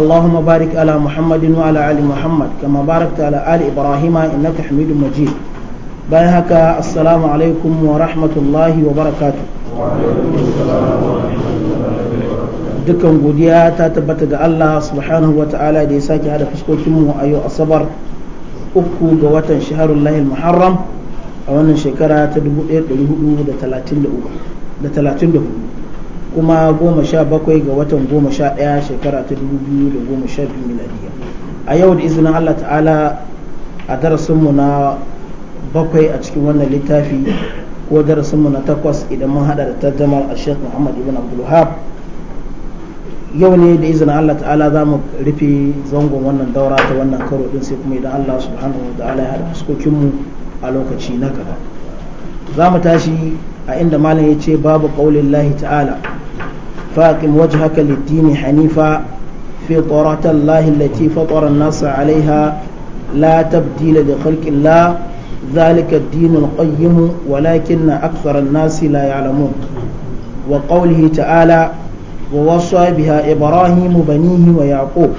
اللهم بارك على محمد وعلى آل محمد كما باركت على آل إبراهيم إنك حميد مجيد bayan haka assalamu wa rahmatullahi wa barakatu dukkan godiya ta tabbata ga Allah subhanahu wa ta'ala da ya sake hada fuskokinmu a yau asabar uku ga watan shaharun lahil muharram a wannan shekara ta 1434 kuma goma sha bakwai ga watan goma sha ɗaya shekara ta dubu biyu da goma sha biyu miladiya a yau da izinin allah ta'ala a darasinmu na bakwai a cikin wannan littafi ko darasinmu na takwas idan mun hada da tarjamar a sheikh muhammad ibn abdulhab yau ne da izinin allah ta'ala za mu rufe zangon wannan daura ta wannan karo din sai kuma idan allah subhanahu wa ta'ala ya haɗa fuskokinmu a lokaci na gaba za mu tashi a inda malam ya ce babu lahi ta'ala فاقم وجهك للدين حنيفا فطرة الله التي فطر الناس عليها لا تبديل لخلق الله ذلك الدين القيم ولكن أكثر الناس لا يعلمون وقوله تعالى ووصى بها إبراهيم بنيه ويعقوب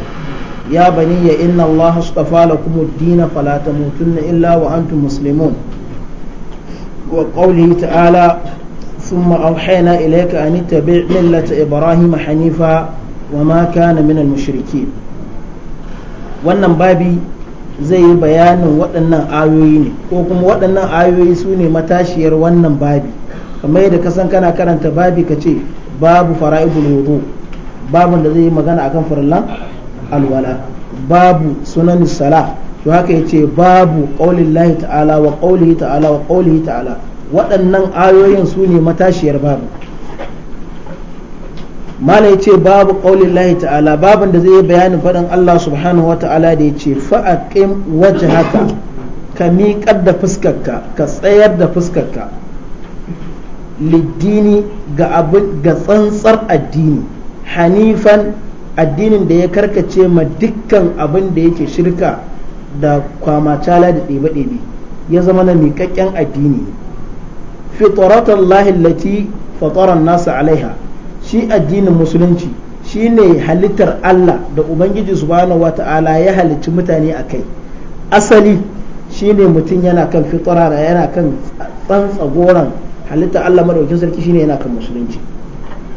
يا بني إن الله اصطفى لكم الدين فلا تموتن إلا وأنتم مسلمون وقوله تعالى ثم أوحينا إليك أن اتبع ملة إبراهيم حنيفا وما كان من المشركين wannan babi zai yi bayanin waɗannan ayoyi ne ko kuma waɗannan ayoyi su ne matashiyar wannan babi kamar yadda ka san kana karanta babi ka ce babu fara'ibul wudu babin da zai yi magana akan farallan alwala babu sunan sala to haka yace babu qaulillahi ta'ala wa ta'ala wa ta'ala waɗannan ayoyin su ne matashiyar babu mala ya ce babu ƙaunin lahi ta'ala babin da zai yi bayanin faɗin Allah subhanahu wa ta'ala da ya ce fa'aƙin wajen haka ka miƙar da fuskarka ka tsayar da fuskarka liddini ga ga tsantsar addini hanifan addinin da ya karkace ma dukkan abin da yake shirka da kwamacala da ɗebe-ɗebe ya zama na miƙaƙƙen addini fitarata Allah lati fataran nasa alaiha shi addinin musulunci shi ne halittar Allah da Ubangiji subhanahu wa ta'ala ya halicci mutane a kai asali shi ne mutum yana kan fitara da yana kan tsantsagoran halittar Allah maɗaukin sarki shi ne yana kan musulunci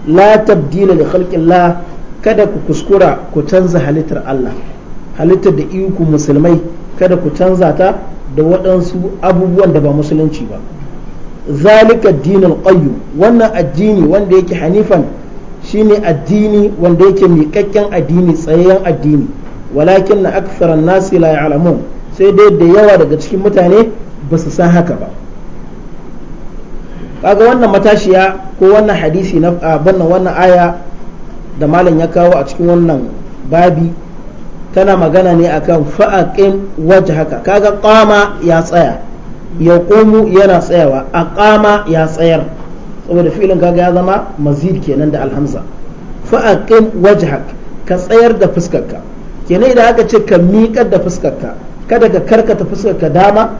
la tabdila da khalqillah kada ku kuskura ku canza halittar Allah halittar da iku musulmai kada ku canza ta da waɗansu abubuwan da ba musulunci ba zalika addinin din wannan addini wanda yake hanifan shine addini wanda yake miƙaƙƙen addini tsayayyen addini walakin na akthara nasi la ya'lamun sai dai da yawa daga cikin mutane ba su san haka ba kaga wannan matashiya ko wannan hadisi na bannan wannan aya da malam ya kawo a cikin wannan babi tana magana ne akan waje wajhaka kaga qama ya tsaya ya yana tsayawa a kama ya tsayar saboda filin kaga ya zama mazid kenan da alhamza fa'aqim wajhak ka tsayar da fuskarka kenan idan aka ce ka miƙar da fuskarka kada ka karkata fuskarka dama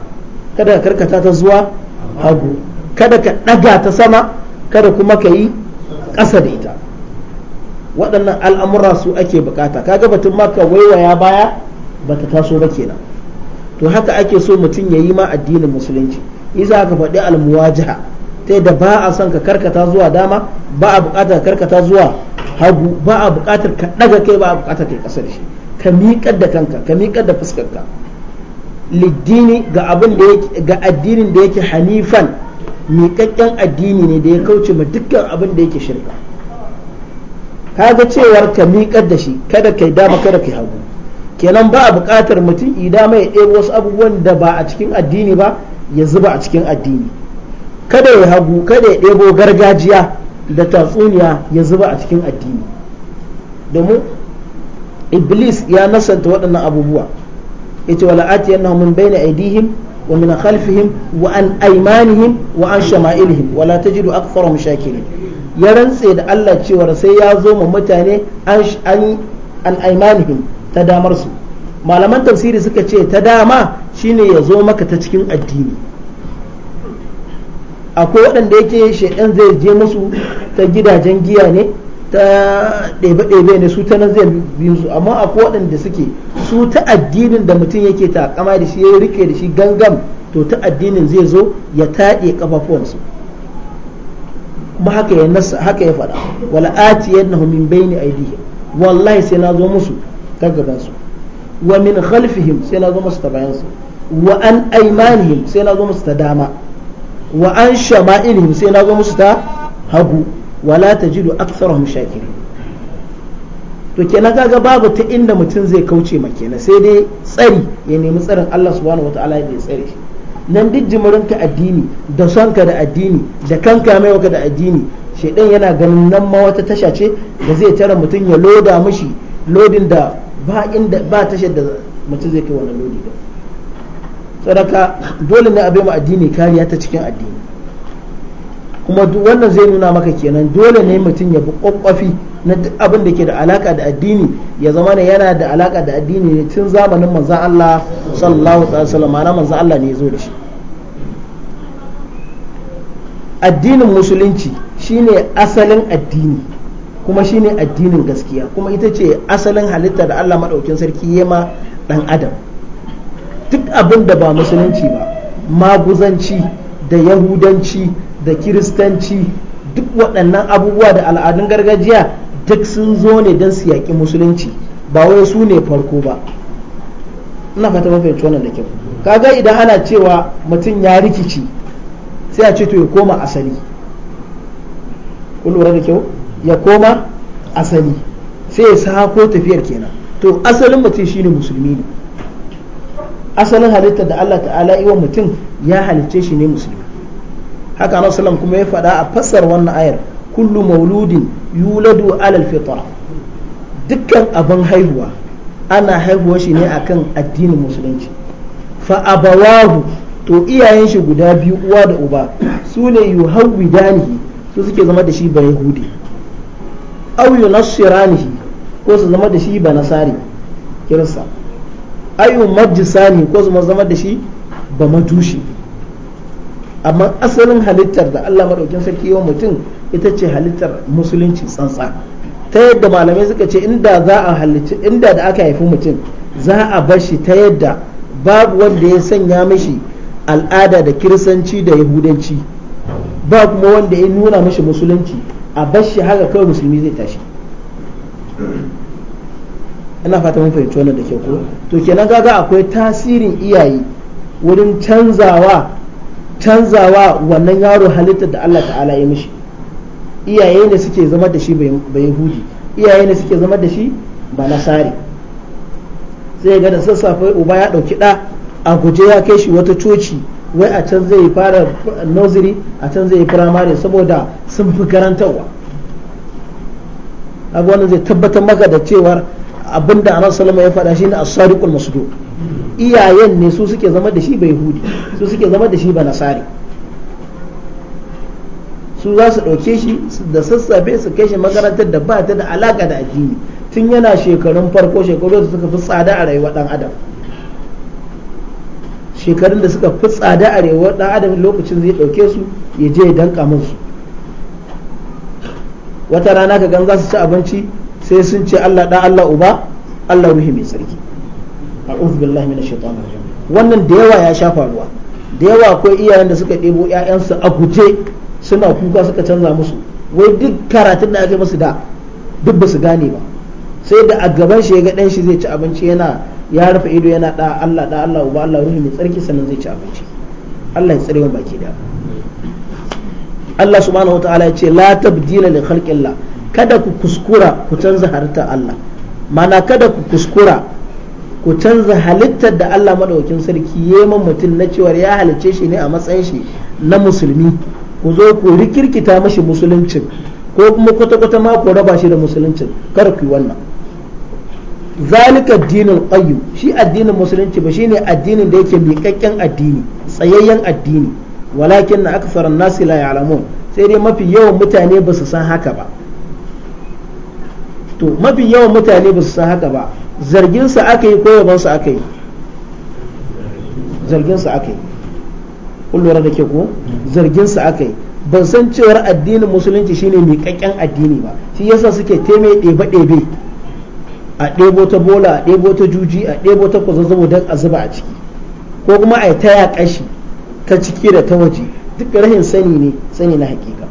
kada ka karkata ta zuwa hagu kada ka ɗaga ta sama kada kuma ka yi ƙasa da ita waɗannan al'amura su ake bukata kaga batun maka waiwaya baya bata taso ba kenan to haka ake so mutum ya yi ma addinin musulunci isa ka faɗi almuwajaha ta yadda ba a son ka karkata zuwa dama ba a buƙatar karkata zuwa hagu ba a buƙatar ka ɗaga kai ba a buƙatar kai ƙasar shi ka miƙar da kanka ka miƙar da fuskarka liddini ga abin da ga addinin da yake hanifan miƙaƙƙen addini ne da ya kauce ma dukkan abin da yake shirka kaga cewar ka miƙar da shi kada kai dama kada kai hagu kenan ba a buƙatar mutum idan mai ɗebo wasu abubuwan da ba a cikin addini ba ya zuba a cikin addini kada ya hagu kada ya ɗebo gargajiya da tatsuniya ya zuba a cikin addini domin iblis ya nasanta waɗannan abubuwa ce wala yana min bayna aidihim wa min khalfihim wa an aymanihim wa an shama'ilihim wala tajidu aktharahum shakirin ya rantse da Allah cewa sai ya zo ma mutane an an aymanihim ta damar su malaman tafsiri suka ce ta dama shine ya zo maka ta cikin addini akwai waɗanda yake shaidan zai je musu ta gidajen giya ne ta ɗebe-ɗebe ne su ta nan zai bi su amma akwai waɗanda suke su ta addinin da mutum yake takama da shi ya rike da shi gangan to ta addinin zai zo ya taɗe ƙafafuwansu kuma haka ya faɗa haka ya faɗa wala atiyannahum min bayni wallahi sai na zo musu ta gabansu wa min khalfihim sai na zo musu ta bayansu wa an aimanihim sai na zo musu ta dama wa an shama'ilihim sai na zo musu ta hagu la tajidu aktharuhum shakirin to kenan kaga babu ta inda mutum zai kauce ma kenan sai dai tsari ya nemi tsarin Allah subhanahu wataala ya tsare shi nan duk ka addini da sonka da addini da kanka mai da addini shedan yana ganin nan ma wata tasha ce da zai tara mutum ya loda mishi lodin da ba inda ba tashar da mutum zai kai wani lodi ba sadaka dole ne abin mu addini kariya ta cikin addini kuma wannan zai nuna maka kenan dole ne mutum ya bi kwakwafi na abin da ke da alaka da addini ya zama ne yana da alaka da addini ne tun zamanin manzan Allah sallallahu alaihi wasallam ma'ana manzan Allah ne ya zo da shi addinin musulunci shine asalin addini kuma shine addinin gaskiya kuma ita ce asalin halitta da Allah maɗaukin sarki ya ɗan adam duk abin da ba musulunci ba maguzanci da yahudanci da kiristanci duk waɗannan abubuwa da al'adun gargajiya duk sun zo ne don su yaƙi musulunci ba wai su ne farko ba ina fata mafahimci wannan da kyau kaga idan ana cewa mutum ya rikici sai a ce to ya koma asali kun da kyau ya koma asali sai ya ko tafiyar kenan to asalin mutum shine musulmi ne asalin halittar da Allah ta'ala iwa mutum ya halicce shi ne musulmi haka na sallam kuma ya faɗa a fassar wannan ayar kullu mauludin yuladu alal fitra dukkan abin haihuwa ana haihuwa shi ne akan addinin musulunci fa abawahu to iyayen shi guda biyu uwa da uba su ne yuhawwidanihi su suke zama da shi ba yahudi aw nasiranihi ko su zama da shi ba nasari kirsa ayu majisani ko su zama da shi ba matushi amma asalin halittar da Allah madaukin sarki wa mutum ita ce halittar musulunci tsantsa ta yadda malamai suka ce inda za a halitta inda da aka haifi mutum za a bar shi ta yadda babu wanda ya sanya mishi al'ada da kirsanci da yahudanci ba kuma wanda ya nuna mishi musulunci a bashi haka kawai musulmi zai tashi ina fata mun fahimci wannan da ke ko to kenan gaga akwai tasirin iyaye wurin canzawa canzawa wannan yaro halittar da Allah ta'ala ya mishi iyaye ne suke zama da shi bai yahudi iyaye ne suke zama da shi ba nasari sai ga da sassafe uba ya dauki da a guje ya kai shi wata coci wai a can zai fara nursery a can zai firamare saboda sun fi karantarwa a zai tabbatar maka da cewar abinda anan salama ya faɗa ne a sadiqul masudu iyayen ne su suke zama da shi bai hudi su suke zama da shi ba nasari su za su ɗauke shi da sassafe su kai shi makarantar da ba ta da alaka da addini tun yana shekarun farko shekaru da suka fi tsada a rayuwa ɗan adam shekarun da suka fi tsada a rewar ɗan adam lokacin zai ɗauke su ya je ya danka musu wata rana ka gan za su ci abinci sai sun ce Allah ɗan Allah uba Allah ruhi mai sarki a'udhu billahi minash shaitanir rajim wannan da yawa ya sha faruwa da yawa akwai iyayen da suka ɗebo ƴaƴansu a guje suna kuka suka canza musu wai duk karatun da aka musu da duk ba su gane ba sai da a gaban shi ya ga ɗan shi zai ci abinci yana ya rufe ido yana da Allah da Allah uba Allah ruhi mai tsarki sannan zai ci abinci Allah ya tsare baki da Allah subhanahu wataala ya ce la tabdila li khalqillah kada ku kuskura ku canza halittar Allah mana kada ku kuskura ku canza halittar da Allah madaukin sarki yayin mutum na cewa ya halice shi ne a matsayin shi na musulmi ku zo ku rikirkita mashi musuluncin ko kuma kwata-kwata ma ku raba shi da musuluncin kar ku yi wannan zalika addinin qayyim shi addinin musulunci ba shine addinin da yake miƙaƙƙen addini tsayayyen addini walakin na akthara nasi la ya'lamun sai dai mafi yawan mutane ba su san haka ba to mafi yawan mutane ba su san haka ba zargin sa aka yi ko yaban sa aka yi zargin sa aka yi kun da ke ko zargin sa aka yi ban san cewar addinin musulunci shine miƙaƙƙen addini ba shi yasa suke teme ɗebe ɗebe a ɗebo ta bola a ɗebo ta juji a ɗebo ta kwazazzabo don a zuba a ciki ko kuma a yi ta yaƙa shi ta ciki da ta waje duk rahin sani ne sani na hakika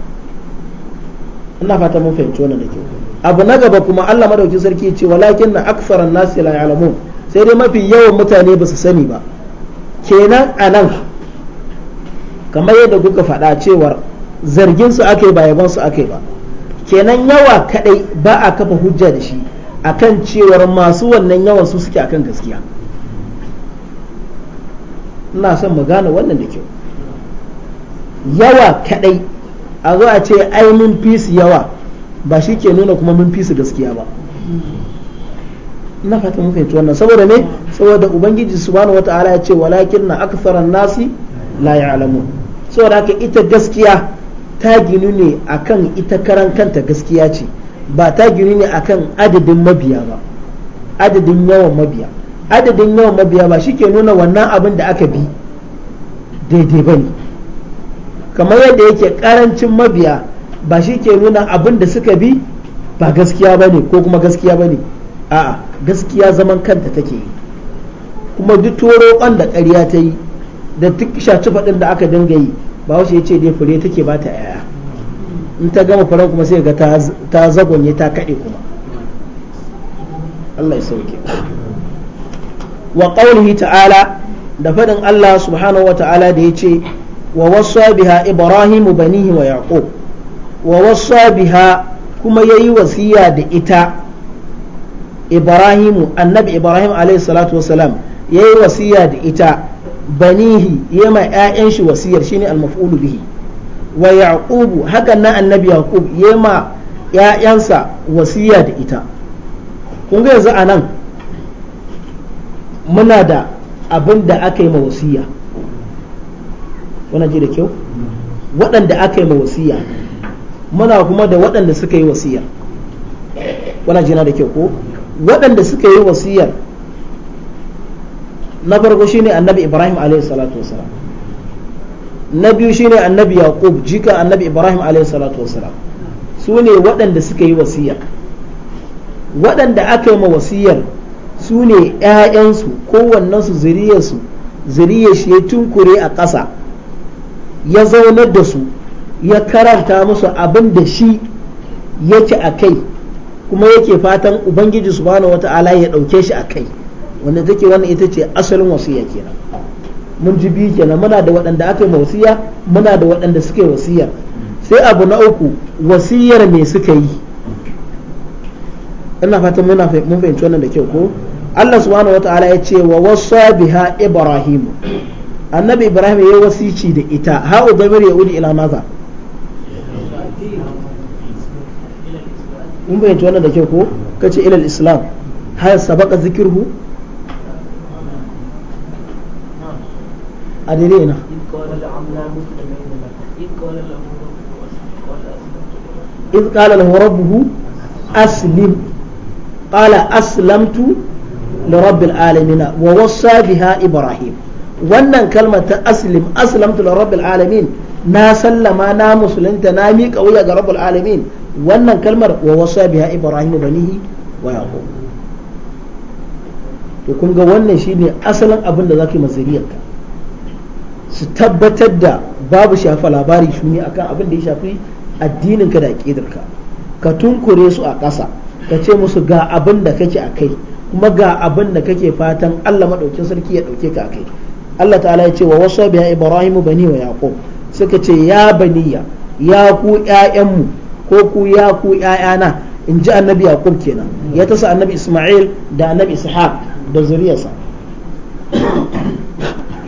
ina fata mun fahimci wannan da ke. abu na gaba kuma Allah madauki sarki ya ce walakin na aksaran nasi la ya'lamun sai dai mafi yawan mutane ba su sani ba kenan a nan kamar yadda kuka faɗa cewar zargin su ake ba yabon su ake ba kenan yawa kadai ba a kafa hujja da shi akan cewar masu wannan yawan su suke kan gaskiya ina son mu gane wannan da kyau yawa kadai a zo a ce ai mun fi su yawa ba shi ke nuna kuma mun fi su gaskiya ba ina fata mun fahimci wannan saboda ne saboda ubangiji subhanahu wata'ala ya ce walakin na aktharan nasi la alamu saboda haka ita gaskiya ta ginu ne akan ita karan kanta gaskiya ce ba ta giri ne akan adadin mabiya ba adadin yawan mabiya adadin yawan mabiya ba shi ke nuna wannan abin da aka bi daidai ba ne kamar yadda yake karancin mabiya ba shi ke nuna abin da suka bi ba gaskiya ba ne ko kuma gaskiya ba ne a'a gaskiya zaman kanta take yi kuma duk toro da ƙarya ta yi da duk shaci faɗin da aka dinga yi ba wasu ya ce dai fure take ba ta yaya in ta gama faran kuma sai ga ta zagonye ta kaɗe kuma Allah ya sauke wa qawlihi ta'ala da faɗin Allah subhanahu wa ta'ala da ya ce wa wasu biha ibrahim banihi wa yaqub wa wasu biha kuma yayi wasiya da ita ibrahim annabi ibrahim alayhi salatu wasalam yayi wasiya da ita banihi ma yayan shi wasiyar shine al-maf'ulu bihi wa yaqubu hakan nan annabi yaqub yema ya'yansa wasiya da ita kun ga yanzu anan muna da abin da aka yi ma wasiya wannan ji da kyau waɗanda aka yi ma wasiya muna kuma da waɗanda suka yi wasiyar wannan jina da kyau ko waɗanda suka yi wasiyar na farko shine annabi ibrahim alaihi salatu wasalam na biyu shine annabi yaqub jika annabi ibrahim alayhi salatu wassalam su ne waɗanda suka yi wasiya waɗanda aka yi ma wasiyar su ne ‘ya'yansu kowannensu zuriyarsu zuriyar shi ya tunkure a ƙasa ya zaunar da su ya karanta musu abin da shi yake a kai kuma yake fatan ubangiji subhanahu wata'ala ya ɗauke shi a kai wanda take wannan ita ce asalin wasiya kenan mun ji biyu kenan muna da waɗanda aka yi wasiya muna da waɗanda suka yi wasiyar sai abu na uku wasiyar me suka yi ina fatan muna mun fahimci wannan da kyau ko Allah subhanahu wataala ya ce wa wasa biha Ibrahim annabi Ibrahim ya wasici da ita ha udamir ya udi ila maza mun fahimci wannan da kyau ko kace ila islam har sabaka zikirhu a daidai ina إذ قال له ربه أسلم قال أسلمت لرب العالمين ووصى بها إبراهيم wannan kalmar ta aslim aslamtu li rabbil alamin na sallama na musulunta na miƙa wuya ga rabbul alamin wannan kalmar wa wasa biha ibrahim banihi wa yaqub to kun ga wannan shine asalin abin da zaka yi masiriyarka su tabbatar da babu shafa labari ne akan abin da ya shafi addinin ka da aqidarka ka tunkure su a ƙasa ka ce musu ga abin da kake a kai kuma ga abin da kake fatan Allah maɗaukin sarki ya ɗauke ka a kai Allah ta'ala ya ce wa wasu biya Ibrahim bani wa Yaqub suka ce ya baniya ya ku ƴaƴanmu ko ku ya ku ƴaƴana in ji annabi Yaqub kenan ya tasa annabi Isma'il da annabi Ishaq da zuriyarsa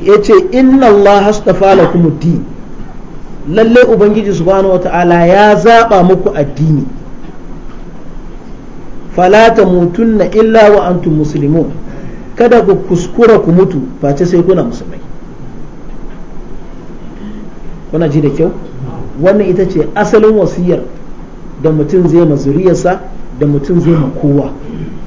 ya ce inna Allah astafa lakum kuma din lallai ubangiji subhanahu wata'ala ya zaɓa muku addini falata mutunna illa wa antum muslimun kada ku kuskura ku mutu face sai kuna musulmai kuna ji da kyau wannan ita ce asalin wasiyar da mutum zai ma zuriyarsa da mutum zai ma kowa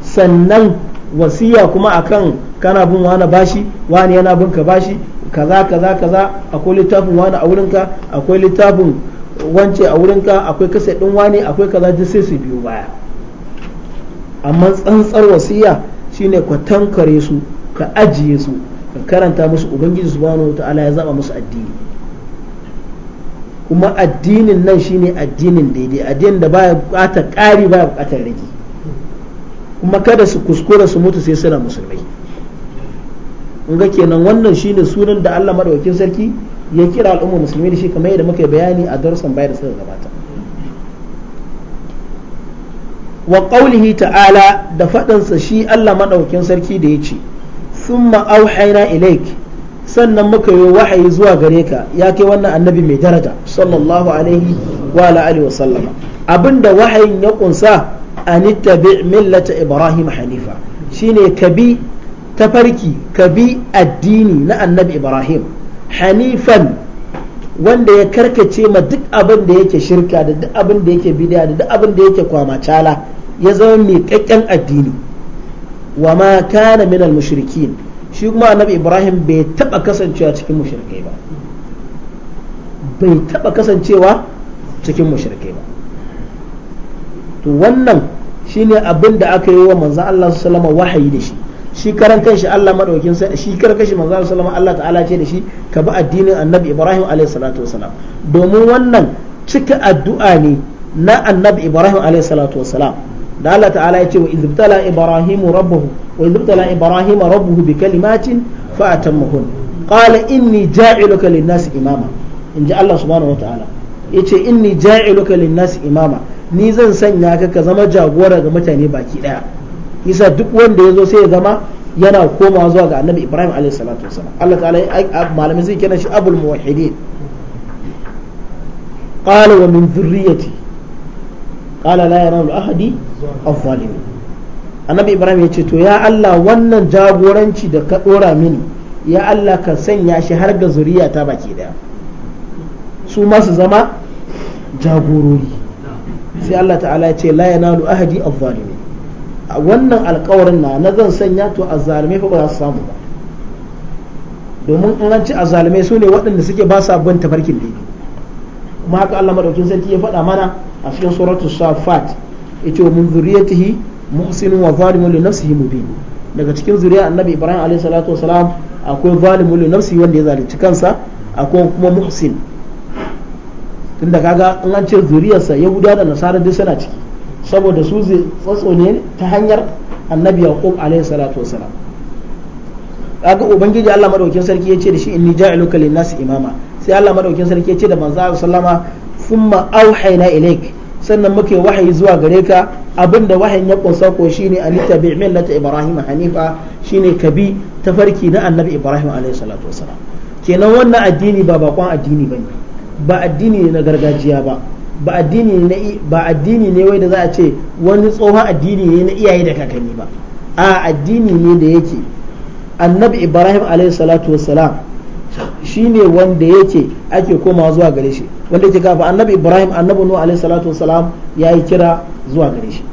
sannan wasiya kuma akan kana bin wani bashi wani yana bin ka bashi kaza kaza kaza akwai littafin wani a wurinka akwai littafin wance a wurinka akwai kasa din wani akwai kaza duk sai su biyo baya amma tsantsar wasiya shine ka tankare su ka ajiye su ka karanta musu ubangiji subhanahu wataala ya zaba musu addini kuma addinin nan shine addinin daidai addinin da baya bukatar ƙari baya bukatar rage kuma kada su kuskura su mutu sai suna musulmai in ga kenan wannan shine sunan da Allah madaukakin sarki ya kira al'ummar musulmi da shi kamar yadda muka bayani a darsan bayar da suka gabata wa qawlihi ta'ala da fadansa shi Allah madaukakin sarki da yace thumma auhayna ilaik sannan muka yi wahayi zuwa gare ka ya kai wannan annabi mai daraja sallallahu alaihi wa alihi wa sallama abinda wahayin ya kunsa an tabi millata ibrahim hanifa shine kabi tafarki ka bi addini na annabi ibrahim hanifan wanda ya karkace ma duk abin da yake shirka da duk abin da yake bidiya da duk abin da yake kwamacala ya zama mai kakken addini wa ma kana minal mushrikin shi kuma annabi ibrahim bai taba kasancewa cikin mushrikai ba bai taba kasancewa cikin mushrikai ba to wannan shine abin da aka yi wa manzo Allah sallallahu alaihi wahayi da shi shi karan kanshi Allah madaukin sai shi karan kanshi manzo sallallahu Allah ta'ala ce da shi ka bi addinin annabi Ibrahim alaihi salatu wasalam domin wannan cika addu'a ne na annabi Ibrahim alaihi salatu wasalam da Allah ta'ala ya ce wa izbtala Ibrahim rabbuhu wa izbtala Ibrahim rabbuhu bi kalimatin fa atammahun qala inni ja'iluka lin-nasi imama inji Allah subhanahu wa ta'ala yace inni ja'iluka lin-nasi imama ni zan sanya ka ka zama jagora ga mutane baki daya yasa duk wanda ya zo sai ya zama yana komawa zuwa ga annabi ibrahim alaihi salatu wasalam Allah ta'ala malamin zai kira shi abul muwahhidin qala wa min dhurriyyati qala la yanalu ahadi az-zalimin annabi ibrahim ya ce to ya Allah wannan jagoranci da ka dora mini ya Allah ka sanya shi har ga zuriya ta baki daya su masu zama jagorori sai Allah ta'ala ya ce la yanalu ahadi az-zalimin wannan alkawarin na na zan sanya to a zalume fa ba za su samu ba domin in an ci a zalume su ne waɗanda suke ba sa bin tafarkin daidai kuma haka Allah madaukin sarki ya faɗa mana a cikin suratul safat yace wa min zuriyatihi muhsinun wa zalimun li nafsihi mubin daga cikin zuriya annabi ibrahim alaihi salatu wasalam akwai zalimun li nafsihi wanda ya zalunci kansa akwai kuma muhsin tunda kaga in an ce zuriyarsa yahudawa da nasara duk suna ciki saboda su zai tsatso ne ta hanyar annabi yaqub alayhi salatu wasalam kaga ubangiji Allah madaukakin sarki ya ce da shi inni ja'aluka lin-nas imama sai Allah madaukakin sarki ya ce da manzo Allah sallama thumma awhayna ilaik sannan muke wahayi zuwa gare ka abinda wahayin ya kunsa ko shine an tabi millata ibrahim hanifa shine kabi tafarki na annabi ibrahim alaihi salatu wasalam kenan wannan addini ba bakon addini bane ba addini ne na gargajiya ba ba addini ne ba addini ne wai da za a ce wani tsohon addini ne na iyaye da kakanni ba a addini ne da yake annabi ibrahim alayhi salatu wassalam shine wanda yake ake komawa zuwa gare shi wanda yake kafa annabi ibrahim annabi nuhu alayhi salatu wassalam yayi kira zuwa gare shi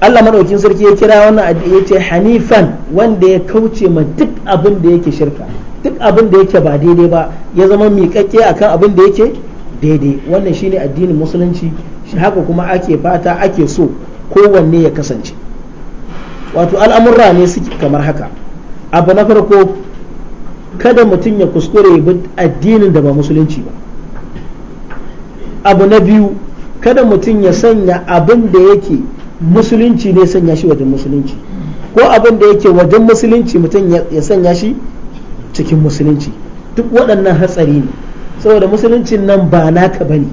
Allah madaukin sarki ya kira wannan ya ce hanifan wanda ya kauce ma duk abin da yake shirka duk abin da yake ba daidai ba ya zama miƙaƙƙe akan abin da yake daidai wannan shine addinin musulunci shi haka kuma ake fata ake so kowanne ya kasance wato al'amurra ne suke kamar haka abu na farko kada mutum ya kuskure bi addinin da ba musulunci ba abu na biyu kada mutum ya sanya abin da yake musulunci ne sanya shi wajen musulunci ko abin da yake wajen musulunci mutum ya sanya shi cikin musulunci duk waɗannan hatsari ne saboda musuluncin nan ba naka ba ne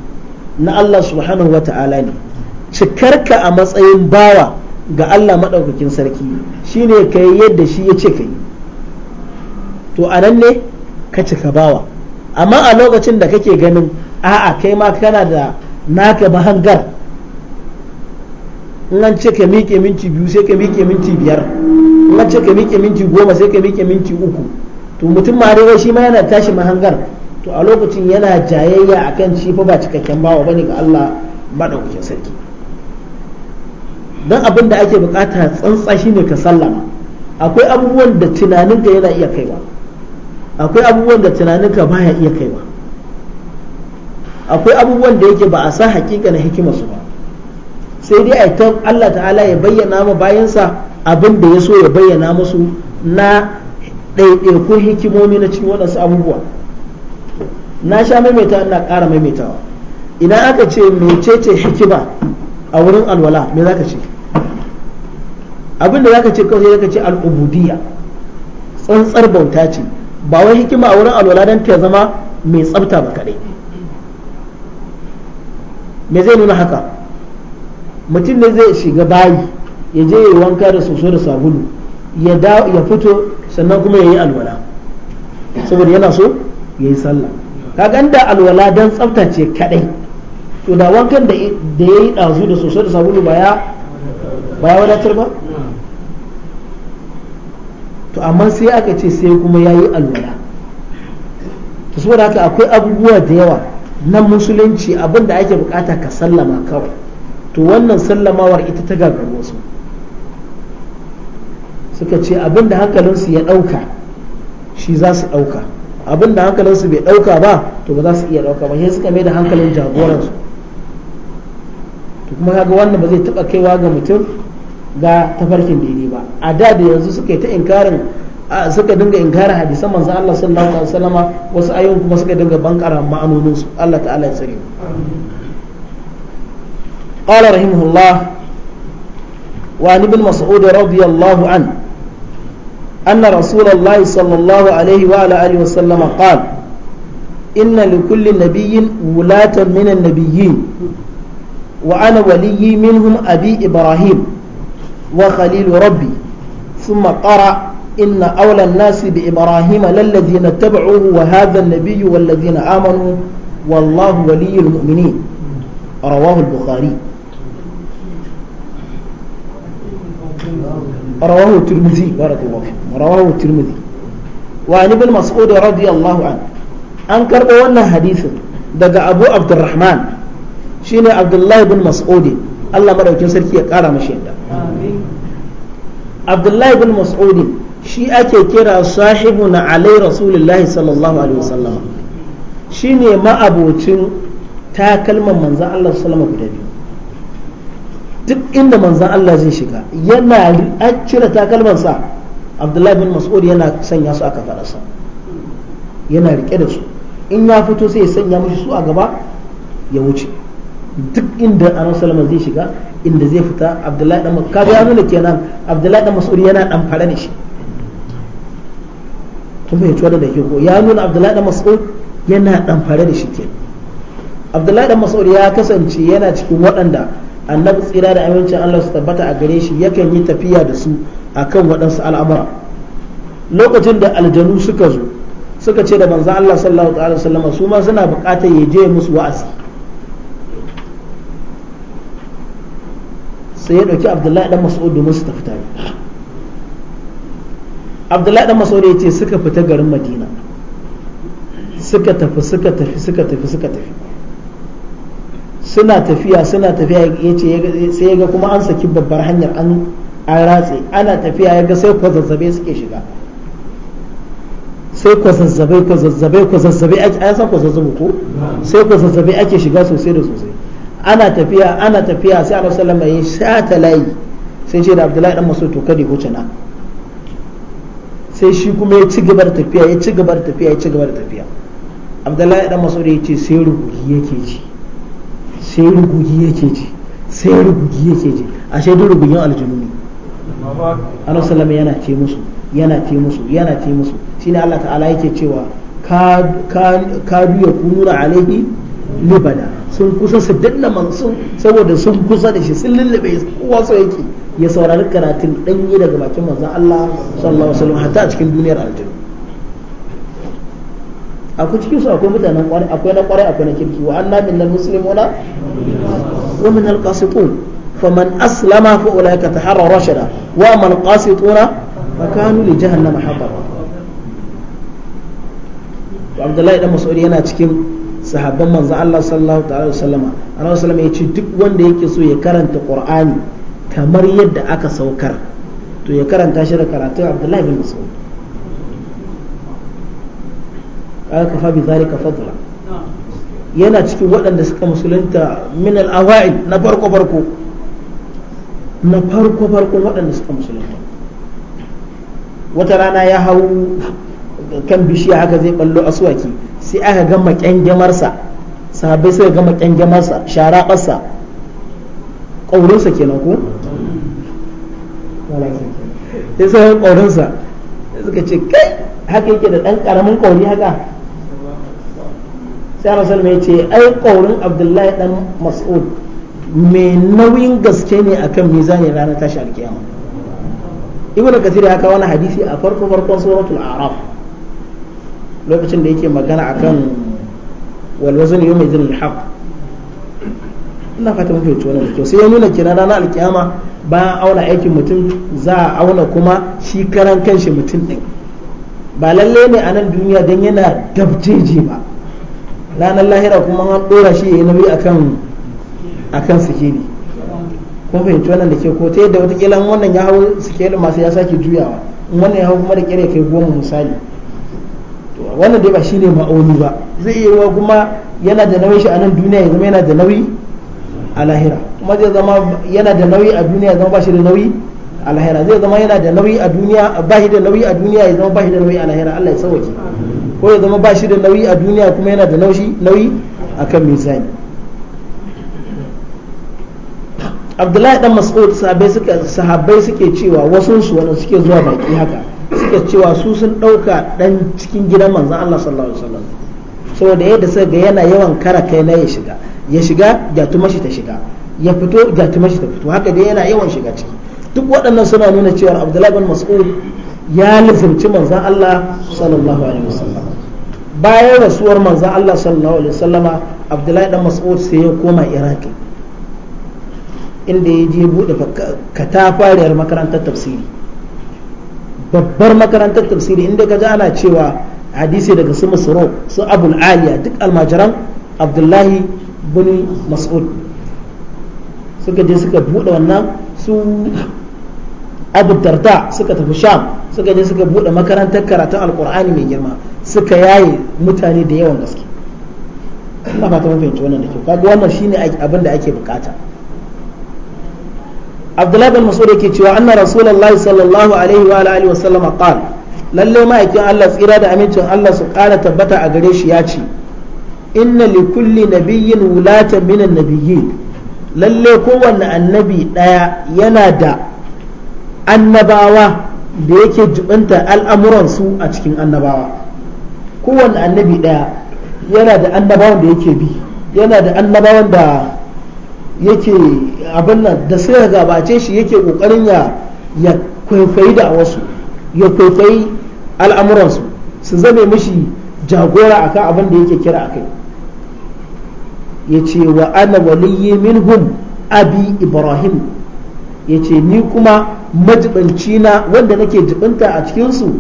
na Allah subhanahu wa ta'ala ne cikarka a matsayin bawa ga Allah maɗaukakin sarki shine ka yi yadda shi ya ce ka yi to a nan ne ka cika bawa amma a lokacin da kake ganin a'a kai ma kana da naka mahangar in an ce ka miƙe minti biyu sai ka miƙe minti biyar in ce ka miƙe minti goma sai ka miƙe minti uku to mutum ma dai shi ma yana tashi mahangar to a lokacin yana jayayya akan shi fa ba cikakken bawa bane ga Allah madaukakin sarki dan abin da ake bukata tsantsa shine ka sallama akwai abubuwan da tunaninka yana iya kaiwa akwai abubuwan da tunaninka baya iya kaiwa akwai abubuwan da yake ba a sa hakika na hikima su ba sai dai a ta Allah ta'ala ya bayyana ma bayansa abin da ya so ya bayyana musu na ɗaiɗaikun hikimomi na cikin waɗansu abubuwa na sha maimaita ina ƙara maimaitawa idan aka ce ce hikima a wurin alwala me za ka ce abinda za ka ce kawai za ka ce al'ubudiyya tsantsar bauta ce ba wai hikima a wurin alwala don ta zama mai tsafta ba kaɗai me zai nuna haka mutum ne zai shiga bayi ya je ya wanka da soso da sabulu ya fito sannan kuma yayi alwala saboda yana so yayi sallah kaga da alwala dan tsaftace kadai to da wankan da da yayi dazu da sosai da sabulu baya baya wadatar ba to amma sai aka ce sai kuma yayi alwala to saboda haka akwai abubuwa da yawa nan musulunci abin da ake bukata ka sallama kawai to wannan sallamawar ita ta gagaru suka ce abin da hankalinsu ya ɗauka shi za su ɗauka abin da hankalinsu bai ɗauka ba to ba za su iya ɗauka ba sai suka mai da hankalin jagoransu to kuma kaga wannan ba zai taɓa kaiwa ga mutum ga tafarkin daidai ba a da da yanzu suka yi ta inkarin suka dinga inkarin hadisan manzo Allah sallallahu alaihi wasallam wasu ayoyin kuma suka dinga bankara ma'anonin su Allah ta'ala ya tsare قال رحمه الله وعن ابن مسعود رضي الله عنه أن رسول الله صلى الله عليه وعلى آله وسلم قال إن لكل نبي ولاة من النبيين وأنا ولي منهم أبي إبراهيم وخليل ربي ثم قرأ إن أولى الناس بإبراهيم للذين اتبعوه وهذا النبي والذين آمنوا والله ولي المؤمنين رواه البخاري رواه الترمذي بارك الله فيكم رواه الترمذي وعن ابن مسعود رضي الله عنه أنكر بوانا حديث دقى أبو عبد الرحمن شين عبد الله بن مسعود الله مرة وكين سلكي يقارى مشين عبد الله بن مسعود شي أكي كرا صاحبنا علي رسول الله صلى الله عليه وسلم شين ما أبو تاكلم من زعل الله صلى الله عليه وسلم duk inda manzan Allah zai shiga yana an cire takalmansa abdullahi bin mas'ud yana sanya su aka faɗa yana rike da su in ya fito sai ya sanya mushi su a gaba ya wuce duk inda anan salama zai shiga inda zai fita abdullahi dan ka ga nuna kenan abdullahi dan mas'ud yana dan fara ne shi to bai tsoro da ke ko ya nuna abdullahi dan mas'ud yana dan fara da shi kenan abdullahi dan mas'ud ya kasance yana cikin waɗanda annabi tsira da amincin Allah su tabbata a gare shi yakan yi tafiya da su a kan waɗansu al'amura lokacin da aljanu suka zo suka ce da manzo Allah sallallahu alaihi wasallam su ma suna buƙatar ya je musu wa'azi sai ya ɗauki Abdullahi dan Mas'ud domin su tafi tare Abdullahi dan Mas'ud ya ce suka fita garin Madina suka tafi suka tafi suka tafi suka tafi suna tafiya suna tafiya ya ce sai ya ga kuma an saki babbar hanyar an ratse ana tafiya ya ga sai kwazazzabe suke shiga sai kwazazzabe kwazazzabe kwazazzabe ake an kwazazzabe ko sai kwazazzabe ake shiga sosai da sosai ana tafiya ana tafiya sai a rasu alaihi wasallam ya sha layi sai ce da abdullahi dan maso to kada huce na sai shi kuma ya ci gaba da tafiya ya ci gaba da tafiya ya ci gaba da tafiya abdullahi dan maso ya ce sai rubuki yake ji sai rubugi yake ji sai rubugi yake ji sai duk rugugin aljanu ne Allah sallama yana ce musu yana ce musu yana ce musu shine Allah ta'ala yake cewa ka ka ka duya kunura alaihi libada sun kusa su danna mansun saboda sun kusa da shi sun lullube kowa so yake ya saurari karatun danyi daga bakin manzon Allah sallallahu alaihi wasallam hatta a cikin duniyar aljanna akwai cikin su akwai mutanen kwarai akwai na kwarai akwai na kirki wa anna minal muslimuna wa minal qasitun faman aslama fa ulaika taharra rashada wa man qasituna fa kanu li jahannama hatara to abdullahi dan mas'ud yana cikin sahabban manzo Allah sallallahu ta'ala alaihi wasallama annabi sallallahu ya ce duk wanda yake so ya karanta qur'ani kamar yadda aka saukar to ya karanta shi da karatun abdullahi bin mas'ud aka fa bi zalika fadla yana cikin waɗanda suka musulunta min al-awa'il na farko farko na farko farko waɗanda suka musulunta wata rana ya hau kan bishiya haka zai ballo aswaki sai aka gama kyankyamarsa sahabbai suka gama kyankyamarsa sharaɓarsa ƙaurinsa kenan ko sai suka ƙaurinsa suka ce kai haka yake da ɗan ƙaramin ƙauri haka sai rasul mai ce ai ƙaurin abdullahi dan mas'ud mai nauyin gaske ne akan mizanin ranar tashi alkiyama ibn kathir ya kawo wani hadisi a farko farkon suratul a'raf lokacin da yake magana akan wal wazn yawm idin al ina fata mun fahimci wani kyau sai ya nuna kira ranar alkiyama bayan auna aikin mutum za a auna kuma shi karan kanshi mutum din ba lalle ne a nan duniya dan yana dabteji ba ranar lahira kuma an dora shi ya nauyi akan sikeli kun fahimci wannan da ke ko ta yadda watakila wannan ya hau sikeli masu ya sake juyawa wannan ya hau kuma da kere kai goma misali wannan dai ba shi ne ma'auni ba zai iya wa kuma yana da nauyi shi a nan duniya ya zama yana da nauyi a lahira kuma zai zama yana da nauyi a duniya ya zama ba shi da nauyi a lahira zai zama yana da nauyi a duniya ba shi da nauyi a duniya ya zama ba shi da nauyi a lahira Allah ya sauke ko ya zama ba shi da nauyi a duniya kuma yana da nauyi a kan mizani abdullahi dan mas'ud sahabbai suke cewa wasu su wani suke zuwa baki haka suke cewa su sun ɗauka ɗan cikin gidan manzan Allah sallallahu alaihi wasallam saboda yadda sai ga yana yawan kara kai na ya shiga ya shiga jatuma shi ta shiga ya fito jatuma shi ta fito haka dai yana yawan shiga ciki duk waɗannan suna nuna cewa abdullahi bin mas'ud ya lizimci manzan Allah sallallahu alaihi wasallam bayan rasuwar manzan Allah sallallahu alaihi wasallama abdullahi dan mas'ud sai ya koma iraki inda ya je bude katafariyar makarantar tafsiri babbar makarantar tafsiri inda ka ji ana cewa hadisi daga su masoro su abul aliya duk almajiran abdullahi bin mas'ud suka je suka bude wannan su abu darda suka tafi sham suka je suka bude makarantar karatun alkur'ani mai girma suka yaye mutane da yawan gaske ina wannan da kaga wannan shine abin da ake bukata Abdullahi bin Mas'ud yake cewa anna Rasulullahi sallallahu alaihi wa alihi wa sallam qala lalle ma'aikin Allah tsira da amincin Allah su kana tabbata a gare shi ya ce inna li kulli nabiyyin wulatan minan nabiyyin lalle kowanne annabi daya yana da annabawa da yake jibinta al'amuransu a cikin annabawa kowane annabi ɗaya yana da annabawan da yake bi yana da annabawan da yake abin nan da ya gabace shi yake kokarin ya ya kwaikwayi da wasu ya kwaikwayi al'amuransu su zame mishi jagora akan abin da yake kira akai ya ce wa ana waliyyi minhum abi ibrahim ya ce ni kuma majibanci na wanda nake jibinta a cikinsu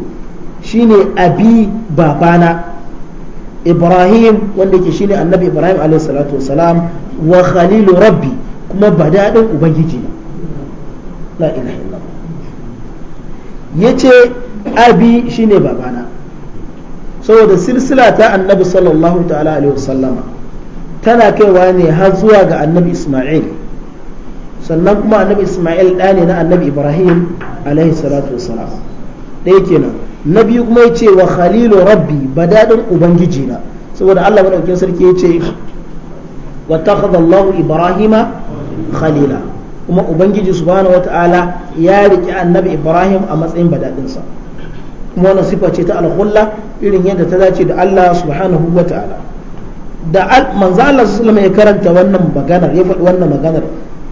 shine abi babana ibrahim wanda yake shine annabi ibrahim alaihi salatu wasalam wa khalilu rabbi kuma ba daɗin ubangiji na la ilaha illallah yace abi shine babana saboda silsila ta annabi sallallahu ta'ala alaihi wasallama tana kaiwa ne har zuwa ga annabi isma'il sannan kuma annabi isma'il ɗa ne na annabi ibrahim alaihi salatu wasalam ɗaya kenan na biyu kuma ya ce wa khalilu rabbi daɗin ubangiji na saboda Allah madaukakin sarki ya ce wa takhadallahu ibrahima khalila kuma ubangiji subhanahu wata'ala ya riki annabi ibrahim a matsayin badadinsa kuma wannan sifa ce ta alhulla irin yadda ta dace da Allah subhanahu wata'ala da manzo Allah sallallahu ya karanta wannan maganar ya faɗi wannan maganar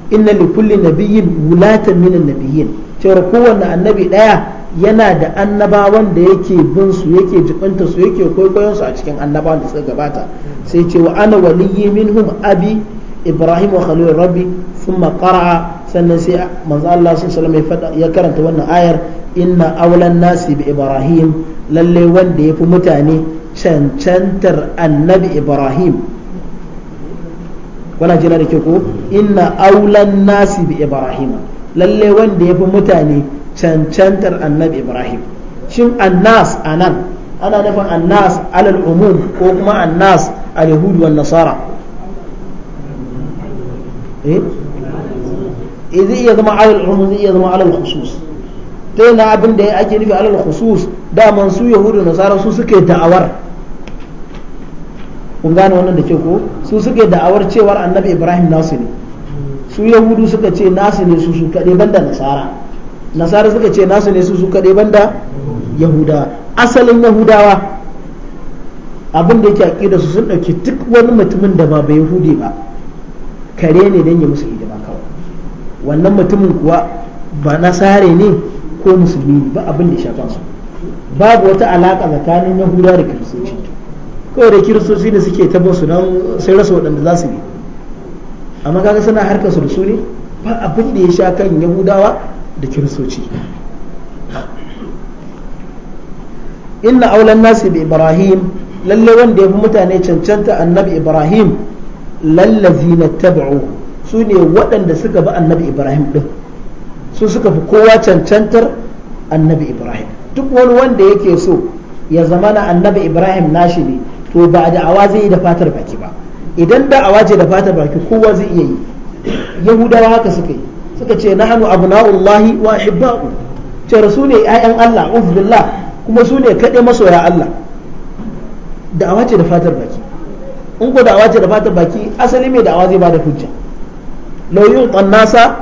inna li kulli nabiyyin wulatan minan nabiyyin cewa kowanne annabi daya yana da annabawan da yake bin su yake jibinta su yake kwaikwayon su a cikin annabawan da suka gabata sai ce wa ana waliyyi minhum abi ibrahim wa khalil rabbi thumma qara'a sannan sai manzo Allah sallallahu alaihi wasallam ya karanta wannan ayar inna awlan nasi bi ibrahim lalle wanda yafi mutane cancantar annabi ibrahim wana jira da ke ko inna aulan nasi bi ibrahim lalle wanda yafi mutane cancantar annabi ibrahim shin annas anan ana nufin annas alal umum ko kuma annas al yahudu wan nasara eh? eh zai iya zama alal umum zai iya zama alal khusus ta yana abin da ake nufi alal khusus daman su yahudu nasara su suke da'awar kun gane wannan da ke ko su suke da'awar cewar annabi ibrahim nasu ne su yahudu suka ce nasu ne su su kaɗai banda nasara nasara suka ce nasu ne su su kaɗai banda yahuda asalin yahudawa abin da yake da su sun ɗauki duk wani mutumin da ba bai hude ba kare ne don ya musu hidima kawai wannan mutumin kuwa ba nasare ne ko musulmi ne ba abin da shafa su babu wata alaƙa tsakanin yahuda da kiristoci kawai da kiristoci ne suke taba su don sai rasa waɗanda za su bi amma kaga suna harkar su da su ne ba abin da ya sha kan yahudawa da kiristoci inna aulan nasi bi ibrahim lalle wanda ya fi mutane cancanta annabi ibrahim lallazina tab'u su ne waɗanda suka bi annabi ibrahim ɗin su suka fi kowa cancantar annabi ibrahim duk wani wanda yake so ya zama na annabi ibrahim nashi ne to ba da'awa zai yi da fatar baki ba idan da'awa ce da fatar baki kowa zai iya yi yahudawa haka suka yi suka ce na abu nahnu abna'ullahi wa ahibba'u ce su ne ‘ya’yan Allah uzbillah kuma su ne kaɗai masoya Allah da'awa ce da fatar baki in ko da'awa ce da fatar baki asali mai da'awa zai bada hujja lauyin yu'tan nasa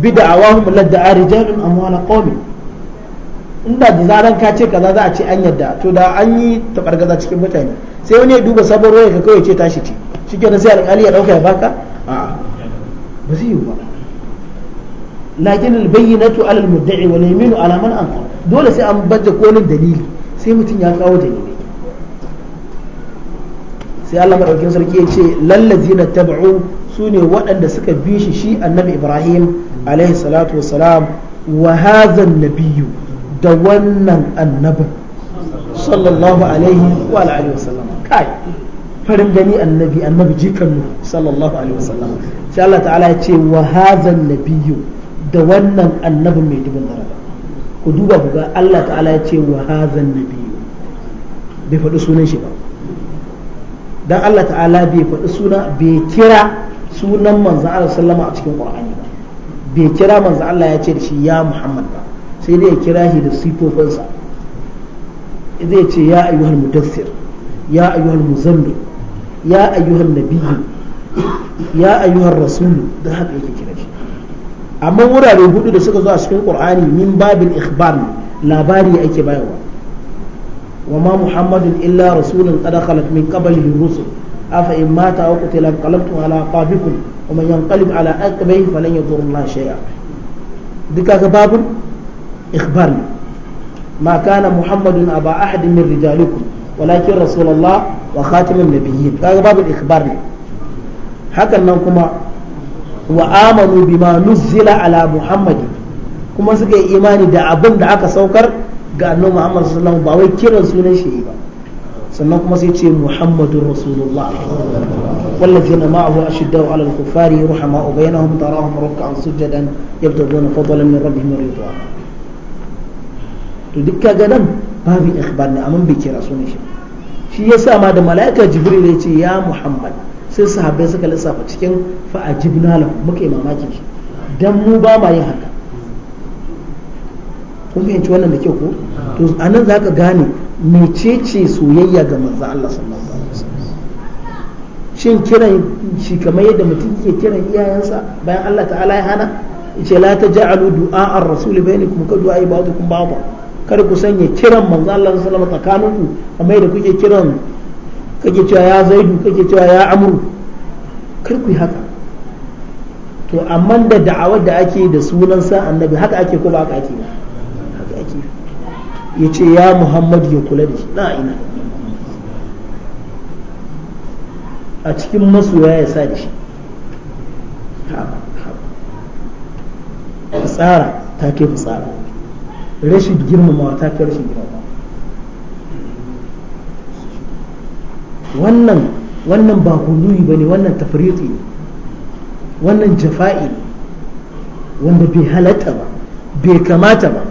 bi da'awahum ladda'a amma amwala qawmin inda da zaran ka ce kaza za a ce an yadda to da an yi tabargaza cikin mutane sai wani ya duba sabon ruwa ka kawai ce tashi ce shikenan sai alƙali ya ɗauka ya baka a ba zai yi ba lakin albayyinatu alal mudda'i wal yaminu ala man ankar dole sai an baje kolin dalili sai mutum ya kawo dalili sai Allah madaukakin sarki ya ce lallazina tab'u sune waɗanda suka bi shi shi annabi Ibrahim alaihi salatu wassalam wa hadha nabiyyu da wannan annabin sallallahu alaihi wa alihi wasallam kai farin gani annabi annabi jikan sallallahu alaihi wasallam sai Allah ta'ala ya ce wa hadha nabiyyu da wannan annabin mai dubin daraja ku duba ku ga Allah ta'ala ya ce wa hazan nabiyyu bai faɗi sunan shi ba dan Allah ta'ala bai faɗi suna bai kira sunan manzo Allah sallama a cikin Qur'ani ba bai kira manzo Allah ya ce da shi ya Muhammad ba sai dai ya kira shi da sifofinsa zai ce ya ayyuhal mudassir ya ayyuhal muzammil ya ayyuhal nabiyyu ya ayyuhar rasul da haka yake kira shi amma wurare hudu da suka zo a cikin qur'ani min babin ikhbar labari ake bayarwa wa ma muhammadun illa rasulun qad khalat min qablihi rusul afa in mata aw qutila qalabtum ala qabikum wa man yanqalib ala aqbihi falan yadurra shay'a duka ga ikhbar ma kana muhammadun aba ahad min rijalikum walakin rasulullah wa khatamun nabiyyin kaga babul ikhbar hakan nan kuma wa amanu bima nuzzila ala muhammadin kuma suka yi imani da abin da aka saukar ga annabi muhammad sallallahu alaihi ba wai kiran sunan shi ba sannan kuma sai ce muhammadun rasulullah والذين معه أشداء على الكفار رحماء بينهم تراهم ركعا سجدا يبتغون فضلا من ربهم ورضوانا تدكا غنم بابي إخبارنا أمام بكي رسول الله shi ya sa ma da mala'ika jibril ya ce ya muhammad sai sahabbai suka lissafa cikin fa'ajibna lahu muka yi mamakin shi dan mu ba ma yin haka kun fahimci wannan da kyau ko to anan zaka gane mecece soyayya ga manzo Allah sallallahu alaihi wasallam shin kiran shi kamar yadda mutum ke kiran iyayensa bayan Allah ta'ala ya hana ce la taj'alu du'a ar-rasul bainakum ka du'a ba'dukum ba'd kada ku sanya kiran manzo Allah sallallahu alaihi wasallam tsakaninku kamar yadda kuke kiran kake cewa ya zaidu kake cewa ya amuru kar ku yi haka to amma da da'awar da ake da sunan sa annabi haka ake ko ba haka ake ba haka ake ya ce ya muhammad ya kula da shi na ina a cikin masoya ya sa da shi tsara ta ke tsara rashin girmamawa ta ke rashin girmamawa wannan wannan ba huluyi ba ne wannan tafriti ne wannan jafa'i ne wanda bai halatta ba bai kamata ba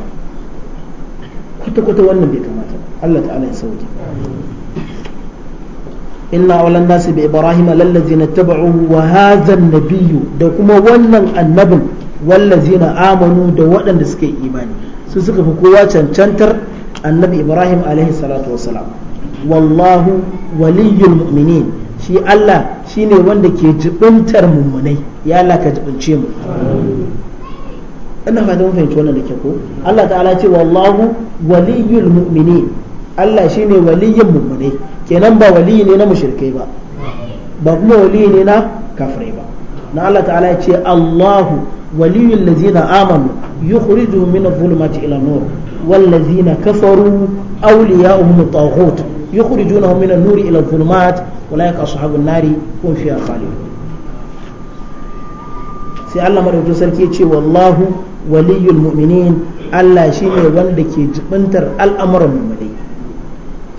kwata-kwata wannan bai kamata ba Allah ta'ala ya sauke inna awlan nasi bi ibrahim na taba'u wa hadha nabiyyu da kuma wannan annabin na amanu da waɗanda suka yi imani su suka fi kowa cancantar annabi ibrahim alaihi salatu wassalam wallahu waliyul mu'minin shi Allah shine wanda ke jibintar mummunai ya Allah ka jibince mu ina fatan fahimci wannan da ke ko Allah ta'ala ce wallahu waliyul mu'minin Allah shine waliyin mummunai kenan ba waliyi ne na mushrikai ba ba kuma waliyi ne na kafirai ba na Allah ta'ala ya ce Allahu waliyul ladzina amanu yukhrijuhum min adh-dhulumati ila nur wal ladzina kafaru أولياؤهم الطاغوت يخرجونهم من النور إلى الظلمات أولئك أصحاب النار هم فيها خالدون sai Allah madaukakin sarki ce wallahu waliyul mu'minin Allah shine wanda ke jibintar al'amuran mu'minai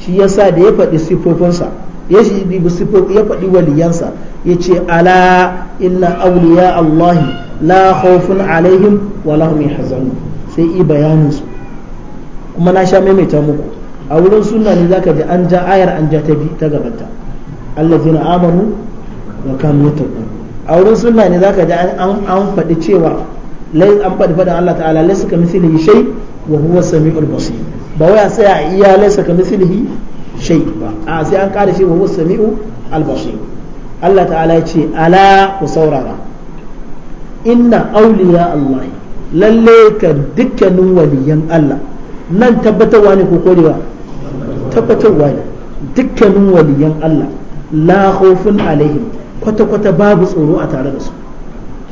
shi yasa da ya faɗi sifofinsa ya shi ya faɗi waliyansa ya ce ala inna awliya Allahi la khawfun alaihim wa lahum yahzanun sai i bayanin su kuma na sha maimaita muku a wurin sunna ne zaka ji an ja ayar an ja ta bi ta gabanta allazina amanu wa kanu yattaqun a wurin sunna ne zaka ji an an faɗi cewa lai an faɗi faɗin Allah ta'ala laysa ka mislihi shay wa huwa samiul basir ba waya sai a iya laysa ka mislihi shay ba a sai an ƙara shi wa huwa samiu al basir Allah ta'ala ya ce ala ku saurara inna auliya Allah lalle ka dukkanin waliyan Allah nan tabbatarwa ne ko korewa tabbatarwa ne dukkanin waliyan Allah la khawfun alaihim kwata-kwata babu tsoro a tare da su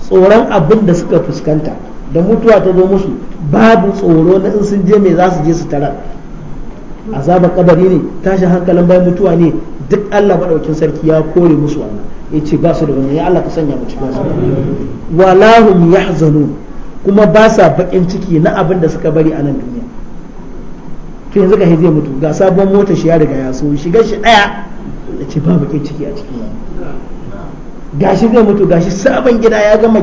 tsoron abin da suka fuskanta da mutuwa ta zo musu babu tsoro na in sun je mai za su je su tara azaba kabari ne tashin hankalin bayan mutuwa ne duk Allah maɗaukin sarki ya kore musu wannan ya ce ba su da wani ya Allah ka sanya mu cikin su walahum yahzanu kuma ba sa bakin ciki na abin da suka bari a nan duniya to yanzu ka zai mutu ga sabon mota shi ya riga ya so shiga shi daya da ce babu bakin ciki a ciki shi zai mutu gashi sabon gida ya gama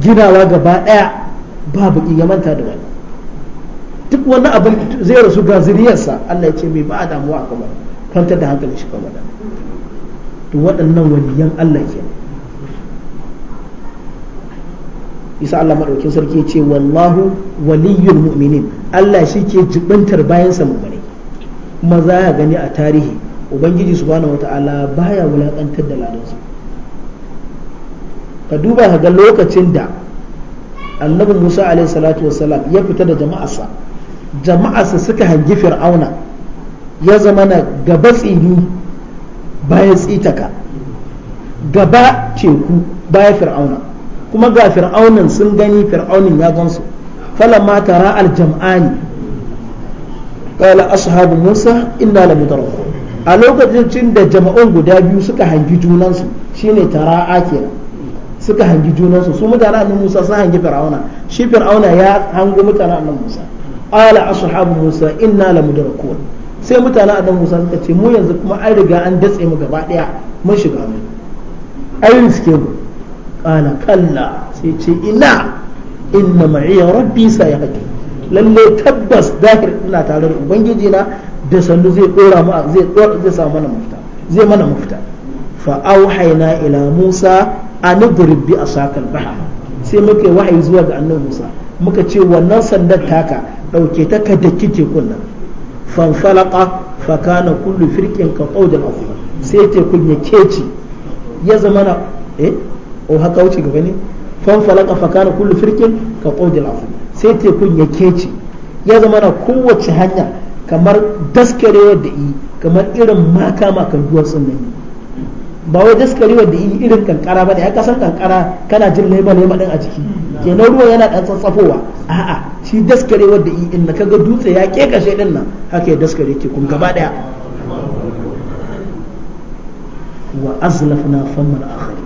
ginawa gaba daya ba baki ya manta da wani duk wani abin zai rasu ga zuriyarsa Allah ya ce mai ba a damuwa kuma kwantar da hankalin shi kuma da to waɗannan waliyan Allah ke isa Allah madaukin sarki ya ce wallahu waliyyul mu'minin Allah shi ke jibantar bayansa mugare kuma za a gani a tarihi ubangiji su wata ala baya wulaƙantar da ladansu ka duba ka ga lokacin da annabi musa alaihi salatu wassalam ya fita da jama'arsa jama'arsa suka hangi fir'auna ya zama na gaba tsini bayan tsitaka gaba teku bayan fir'auna kuma ga fir'aunan sun gani fir'aunin ya gansu فلما ترى الجمعان قال أصحاب موسى إنا لمدركون a lokacin da jama'un guda biyu suka hangi junansu shine tara kenan suka hangi junansu su mutane annabi Musa sun hangi Fir'auna shi Fir'auna ya hango mutane annabi Musa ala ashabu Musa inna lamudrakun sai mutane annabi Musa suka ce mu yanzu kuma an riga an datse mu gaba daya mun shiga mu ayin suke mu kala kalla sai ce ina inna ma'iya rabbi sayahdi lalle tabbas dahir ina tare da ubangiji na da sandu zai dora mu zai dora zai samu mana mafita zai mana mafita fa auhayna ila musa an durib bi asakal bahar sai muka wahayi zuwa ga annabi musa muka ce wannan sandar taka dauke ta ka daki tekun nan fanfalaka fa kana kullu firqin ka qawdal sai tekun ya keci ya zama na eh o haka wuce gaba ne fanfalaka fakana kullu firkin ka qawdil afu sai tekun ya kece ya zama na kowace hanya kamar daskarewa da yi kamar irin maka makan duwar tsunami ba wai daskarewa da yi irin kankara ba da ya kasan kankara kana jin lema lema din a jiki kenan ruwan yana dan tsatsafowa a'a shi daskarewa da yi in ka ga dutse ya kekashe din nan haka ya daskare ke kun gaba daya wa azlafna famman akhari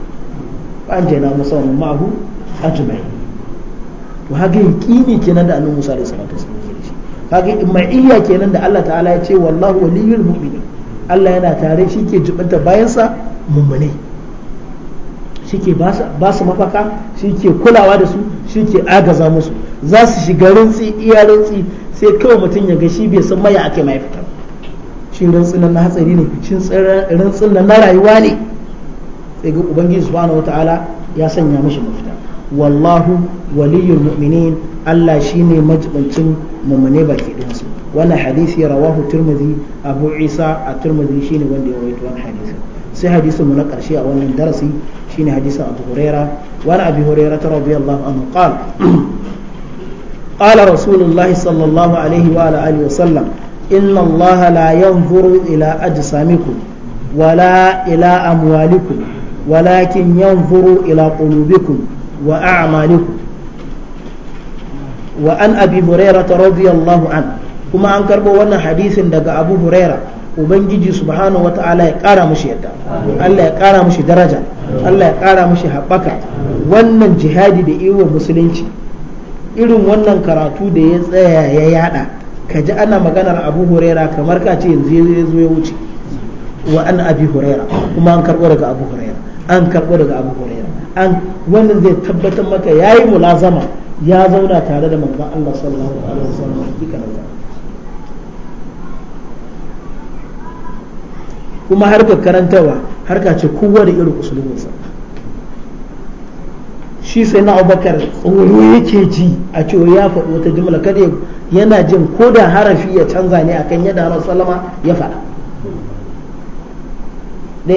an anjayna musamman ma'ahu ajma'in to haka ne kenan da annabi Musa alaihi salatu wasallam ke da shi haka ma'iyya kenan da Allah ta'ala ya ce wallahu waliyul mu'minin Allah yana tare shi ke jibinta bayansa mummune shi ke ba su mafaka shi ke kulawa da su shi ke agaza musu za su shiga rintsi iya rintsi sai kawai mutum ya ga shi bai san maya ake mai fita shi rintsi na hatsari ne shi rintsi na rayuwa ne sai ga ubangiji subhanahu wataala ya sanya mishi mafita wallahu waliyul mu'minin Allah shine majibincin mummune baki ɗin wannan hadisi rawahu turmuzi abu isa a turmizi shine wanda ya rawaito wannan hadisi sai hadisin mu na karshe a wannan darasi shine hadisin abu huraira wa abi huraira radiyallahu anhu qala قال رسول الله صلى الله عليه وعلى آله وسلم إن الله لا ينظر ila أجسامكم ولا إلى أموالكم ولكن ينظر إلى قلوبكم وأعمالكم وأن أبي هريرة رضي الله عنه كما أنكر wannan hadisin daga abu هريرة ubangiji subhanahu wataala ya kara mushi yadda Allah ya kara mushi daraja Allah ya kara mushi haɓaka wannan jihadi da iwa musulunci irin wannan karatu da ya tsaya ya yada ka ji ana maganar abu huraira kamar ka ce yanzu ya zo ya wuce wa an abi huraira kuma an karɓo daga abu huraira an wannan zai tabbatar maka ya yi mulazama ya zauna tare da manzan Allah sallallahu alaihi wasallam hakika kuma harkar karantarwa harka ce kowa da irin usulunsa shi sai na abubakar tsoro yake ji a cewa ya faɗi wata jimla kada yana jin ko da harafi ya canza ne akan yadda Allah sallama ya faɗa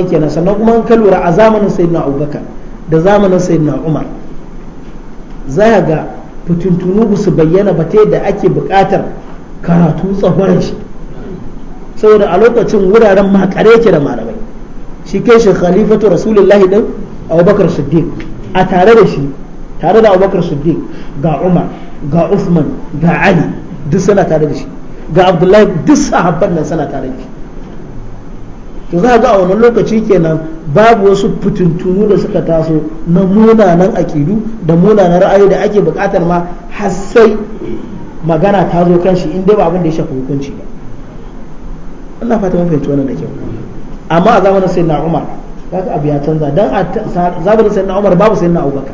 kenan sannan kuma an ka a zamanin sai na abubakar da zamanin sayyidina umar za ga fitintunu ba su bayyana ba ta yadda ake buƙatar karatu tsawon shi saboda a lokacin wuraren makare yake da malamai shi kai shi khalifatu rasulullahi din abubakar siddiq a tare da shi tare da abubakar siddiq ga umar ga usman ga ali duk suna tare da shi ga abdullahi duk sahabban nan suna tare da shi to za ga a wani lokaci kenan babu wasu fitintunu da suka taso na munanan aƙidu da munanan ra'ayi da ake buƙatar ma har sai magana ta zo kan shi inda ba abin da ya shafi hukunci ba Allah fata mun fahimci wannan da kyau amma a zamanin sayyidina Umar kaga abu ya canza dan a zamanin sayyidina Umar babu sayyidina Abubakar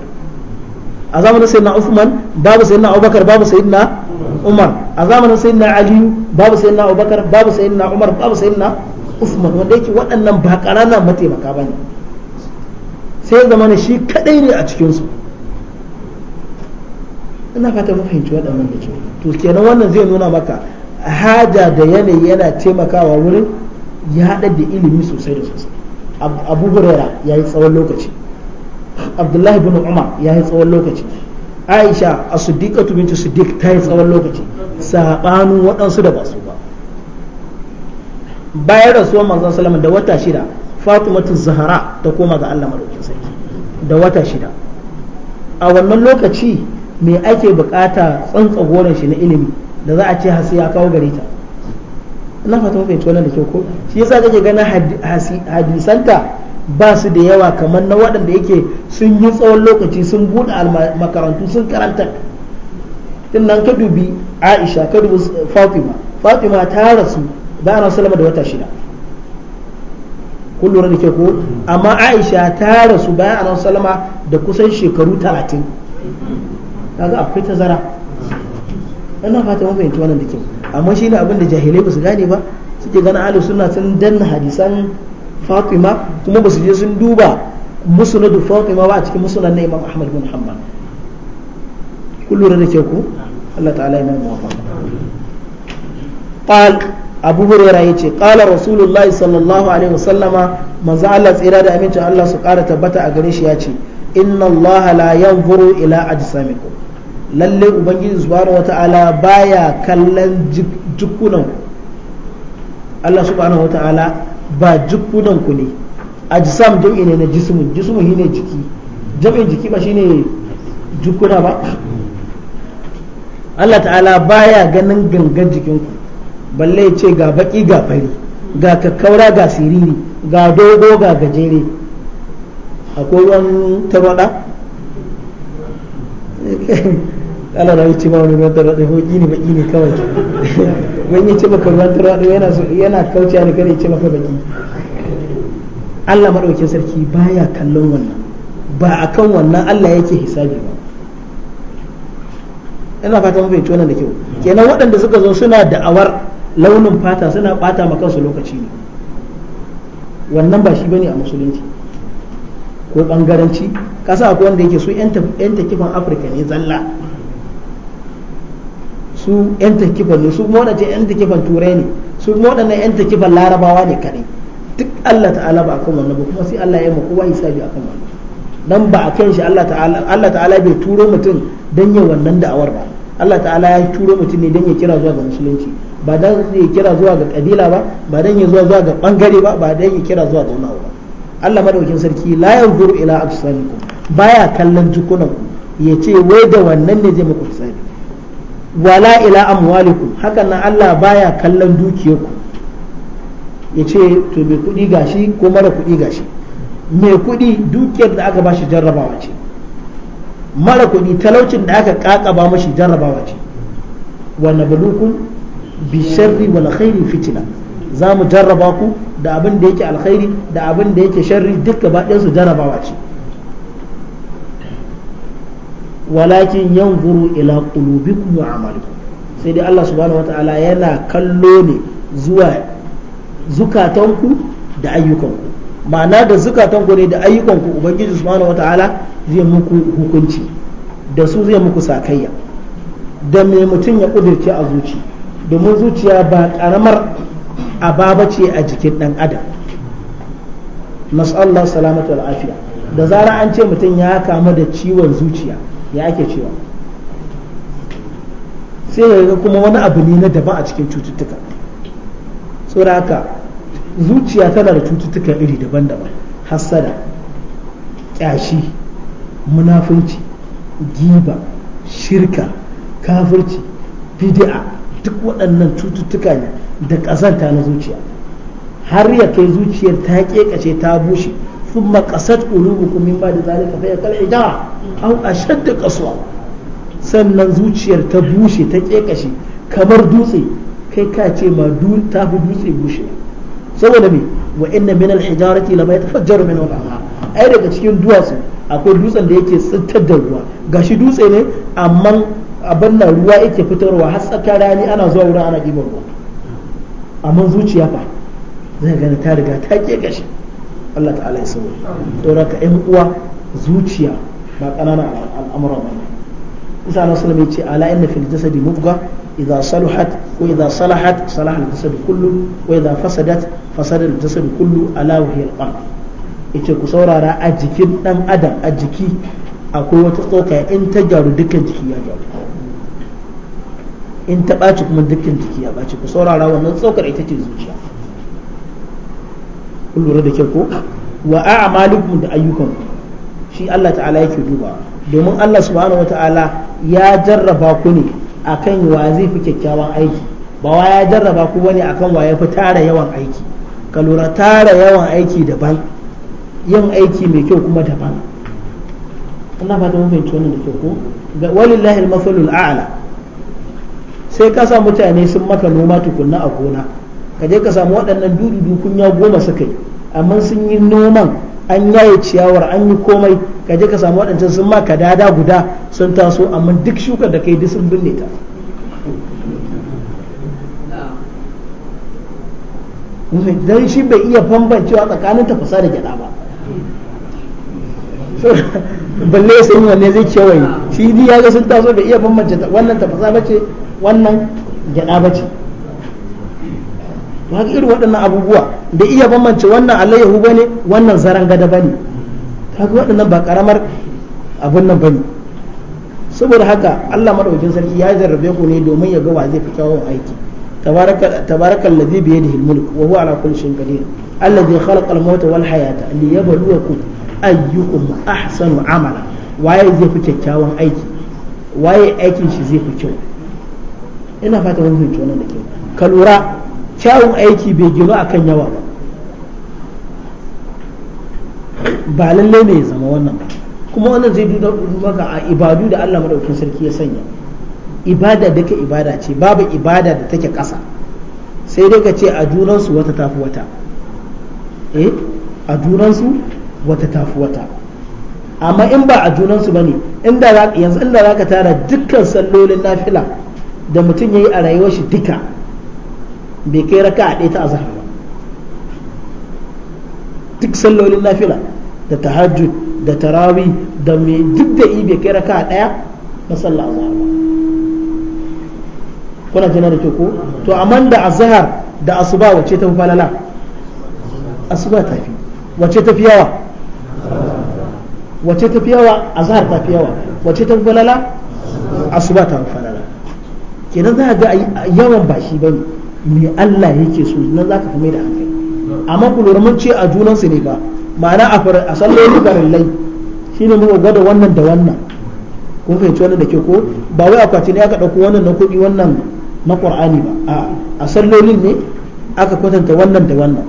a zamanin sayyidina Uthman babu sayyidina Abubakar babu sayyidina Umar a zamanin sayyidina Ali babu sayyidina Abubakar babu sayyidina Umar babu sayyidina usman wanda yake waɗannan ba ƙarana mataimaka ba ne sai zama ne shi kaɗai ne a cikinsu ina fata mu fahimci waɗannan da kyau to kenan wannan zai nuna maka haja da yanayi yana taimakawa wurin ya da ilimi sosai da sosai abu ya yi tsawon lokaci abdullahi bin umar ya yi tsawon lokaci aisha a siddiqatu binti siddiq ta yi tsawon lokaci saɓanu waɗansu da ba su ba bayan rasuwar manzon salama da wata shida fatimatu zahara ta koma ga Allah maraukin sarki da wata shida a wannan lokaci me ake bukata tsantsa goron shi na ilimi da za a ce hasi ya kawo gare ta na fata mafi wannan da kyau ko shi yasa kake gana hadisanta ba su da yawa kamar na waɗanda yake sun yi tsawon lokaci sun buɗe makarantu sun karanta tun nan ka dubi Aisha ka dubi Fatima Fatima ta rasu da ana sallama da wata shida kun lura da ke ko amma aisha ta rasu bayan anan salama da kusan shekaru talatin kaga akwai tazara ina fata mun fahimci wannan da kyau amma shine abin da jahilai ba su gane ba suke gana ahli sunna sun danna hadisan fatima kuma ba su je sun duba musnadu fatima ba a cikin musnad na imam ahmad bin hanbal kun lura da ke ko Allah ta'ala ya mana muwafaqa قال abu huraira ya ce ƙala rasulullah sallallahu alaihi wasallama manzo Allah tsira da amincin Allah su ƙara tabbata a gare shi ya ce inna Allah la yanzuru ila ajsamikum lalle ubangiji subhanahu wata'ala baya kallon jikunan Allah subhanahu wata'ala ba jikunan ku ne ajsam jam'i ne na jismu jismu shine jiki Jami'in jiki ba shine jikuna ba Allah ta'ala baya ganin gangan jikinku balle ce ga baki ga fari ga kakkaura ga siriri ga dogo ga gajere akwai ruwan tarwada ala rayu ce mawani ruwan tarwada ko ne baki ne kawai wani ya ce maka ruwan tarwada yana yana kauce ne kare ce maka baki Allah madaukakin sarki baya kallon wannan ba a kan wannan Allah yake hisabi ba ina fata mafi tunan da kyau kenan waɗanda suka zo suna da'awar launin fata suna bata maka kansu lokaci ne wannan ba shi bane a musulunci ko bangaranci kasa akwai wanda yake su yan takifan afirka ne zalla su yan takifan ne su modace yan takifan turai ne su modana yan takifan larabawa ne kadai duk Allah ta'ala ba kan wannan ba kuma sai Allah ya yi isa bi akan wannan dan ba a kan shi Allah ta'ala Allah ta'ala bai turo mutum dan ya wannan da'awar ba Allah ta'ala ya turo mutum ne dan ya kira zuwa ga musulunci ba dan ya kira zuwa ga kabila ba ba dan ya zuwa zuwa ga bangare ba ba dan ya kira zuwa ga wani ba Allah madaukin sarki la yanzuru ila absarikum baya kallon jukunanku ya ce wai da wannan ne zai muku tsari wala ila amwalikum hakan nan Allah baya kallon dukiyarku ya ce to mai kuɗi gashi ko mara kuɗi gashi mai kuɗi dukiyar da aka bashi jarrabawa ce mara kuɗi talaucin da aka kakaba mashi jarrabawa ce wa bulukun bi sharri wal khairi fitina za mu jarraba ku da abin da yake alkhairi da abin da yake sharri duk gaba su jarrabawa ce walakin yanzuru ila qulubikum wa amalikum sai dai Allah subhanahu wataala yana kallo ne zuwa zukatanku da ayyukanku ma'ana da zukatanku ne da ayyukanku ubangiji subhanahu wataala zai muku hukunci da su zai muku sakayya da me mutum ya kudirce a zuci domin zuciya ba karamar ababa ce a jikin dan adam nas'allahu salamatu wal da zara an ce mutum ya kama da ciwon zuciya ya ake cewa sai ya kuma wani abu ne na daban a cikin cututtuka saboda zuciya tana da cututtuka iri daban-daban hassada ƙyashi munafunci giba shirka kafirci bid'a duk waɗannan cututtuka ne da ƙazanta na zuciya har ya kai zuciyar ta ƙeƙace ta bushe ba da قلوبكم من بعد ذلك فهي كالحجارة أو أشد قسوة sannan zuciyar ta bushe ta kekashe kamar dutse kai ka ce ma ta fi dutse bushe saboda me wa inna min alhijarati lama yatafajjaru min al-anhar ai daga cikin duwatsu akwai dutsen da yake tsittar da ruwa gashi dutse ne amma abin nan ruwa yake fitarwa har tsakar rani ana zuwa wurin ana ɗiban ruwa amma zuciya ba zai gani ta riga ta ke gashi Allah ta'ala ya sauya don haka ƴan uwa zuciya ba ƙananan al'amura ba ne isa na sallama ce ala inna fil jasadi mubga idza saluhat wa idza salahat salaha al jasadu kullu wa idza fasadat fasada al jasadu kullu ala wa hiya al qalb yace ku saurara a jikin dan adam a jiki akwai wata tsoka in ta gyaru dukkan jiki ya in ta ɓaci kuma dukkan jiki ya ɓaci ku saurara wannan tsokar ita ce zuciya kun lura da kyau ko wa a'malikum da ayyukanku shi Allah ta'ala yake duba domin Allah subhanahu ta'ala ya jarraba ku ne akan wa zai fi kyakkyawan aiki ba wa ya jarraba ku bane akan wa ya fi tara yawan aiki ka lura tara yawan aiki daban yin aiki mai kyau kuma daban ina fata mun fahimci wannan da kyau ko walillahi al-masalul a'la sai ka sa mutane sun maka noma tukunna a gona ka je ka samu waɗannan dududu kunya goma suka yi amma sun yi noman an yaye ciyawar an yi komai ka je ka samu waɗancan sun maka dada guda sun taso amma duk shukar da kai duk sun binne ta dan shi bai iya bambancewa tsakanin tafasa da gyada ba balle sai wanne zai kewaye shi ya ga sun taso bai iya bambance wannan tafasa ba ce wannan gyada ba ce haka irin waɗannan abubuwa da iya bambance wannan alayyahu ba ne wannan zaren gada ba ne haka waɗannan ba ƙaramar abin nan ba ne saboda haka allah maɗaukin sarki ya jarrabe ku ne domin ya ga wa zai fi kyawun aiki تبارك الذي allah zai وهو على wal شيء قدير الذي خلق الموت والحياة ليبلوكم san أحسن amala waye zai fi kyakkyawan aiki waye aikin shi zai fi kyau ina fata mun fahimci wannan da ke ka lura kyawun aiki bai gino kan yawa ba ba lalle ne ya zama wannan ba kuma wannan zai duba ga a ibadu da Allah maɗaukin sarki ya sanya ibada duka ibada ce babu ibada da take ƙasa sai dai ka ce a junansu wata tafi wata eh a junansu wata tafi wata amma in ba a junansu ne inda yanzu ka tara dukkan sallolin fila. da mutum ya yi a rayuwar shi duka bai kai raka a ɗaya ta azahar ba duk sallolin nafila da tahajjud da tarawi da mai duk da yi bai kai raka a ɗaya na sallah azahar ba kuna jina da ke ko to amma da azahar da asuba wacce ta fi falala asuba ta fi wacce ta fi yawa wace ta fi yawa azahar ta fi yawa wace ta fi falala asuba ta fi falala kenan za a ga yawan ba shi bane me Allah yake so nan za ka fi mai da hankali amma ku lura mun ce a junansu ne ba ma'ana a fara a salloli shi ne muka gwada wannan da wannan kun fahimci wannan da ke ko ba wai akwati ne aka ɗauko wannan na kuɗi wannan na ƙur'ani ba a a sallolin ne aka kwatanta wannan da wannan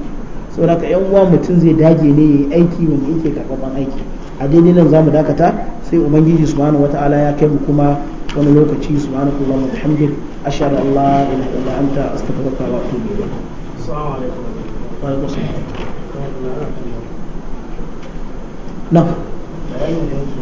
saboda ka yan uwa mutum zai dage ne yayi aiki wanda yake karɓar aiki a daidai nan za mu dakata sai ubangiji subhanahu wataala ya kai mu kuma wani lokaci subhanakallah wa bihamdik ashhadu an la ilaha illa anta astaghfiruka wa atubu ilayk assalamu alaikum wa alaikum assalam na'am